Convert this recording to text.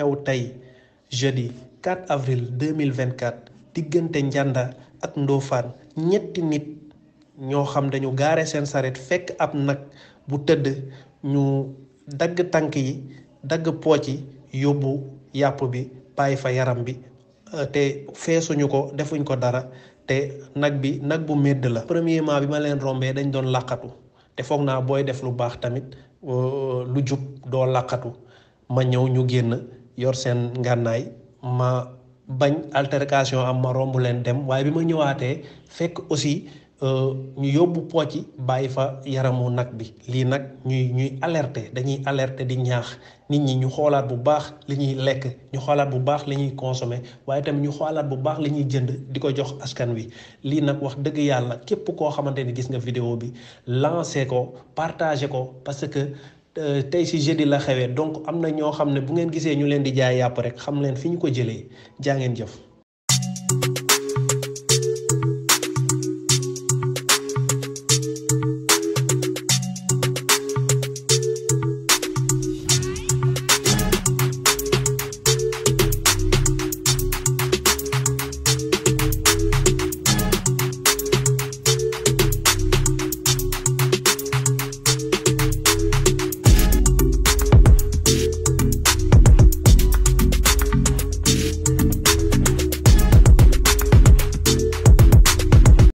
xew tey jeudi 4 avril 2024 diggante njànda ak Ndofane ñetti nit ñoo xam dañu gaare seen saret fekk ab nag bu tëdd ñu dagg tànk yi dagg pooc yi yóbbu yàpp bi bàyyi fa yaram bi euh, te feesuñu ko defuñ ko dara te nag bi nag bu medd la premièrement bi ma leen rombee dañ doon làqatu te foog naa booy def lu baax tamit euh, lu jub doo làqatu ma ñëw ñu génn yor seen ngànnaay ma bañ altercation am ma romb leen dem waaye bi ma ñëwaatee fekk aussi euh, ñu yóbbu pooc yi bàyyi fa yaramu nag bi lii nag ñuy ñuy alerter dañuy alerte di ñaax nit ñi ñu xoolaat bu baax li ñuy lekk ñu xoolaat bu baax li ñuy consommer waaye tamit ñu xoolaat bu baax li ñuy jënd di ko jox askan wi lii nag wax dëgg yàlla képp koo xamante ni gis nga vidéo bi lancer ko partager ko parce que Euh, tey si jeudi la xewee donc am na ñoo xam ne bu ngeen gisee ñu leen di jaay yàpp rek xam leen fi ñu ko jëlee jaa ngeen jëf.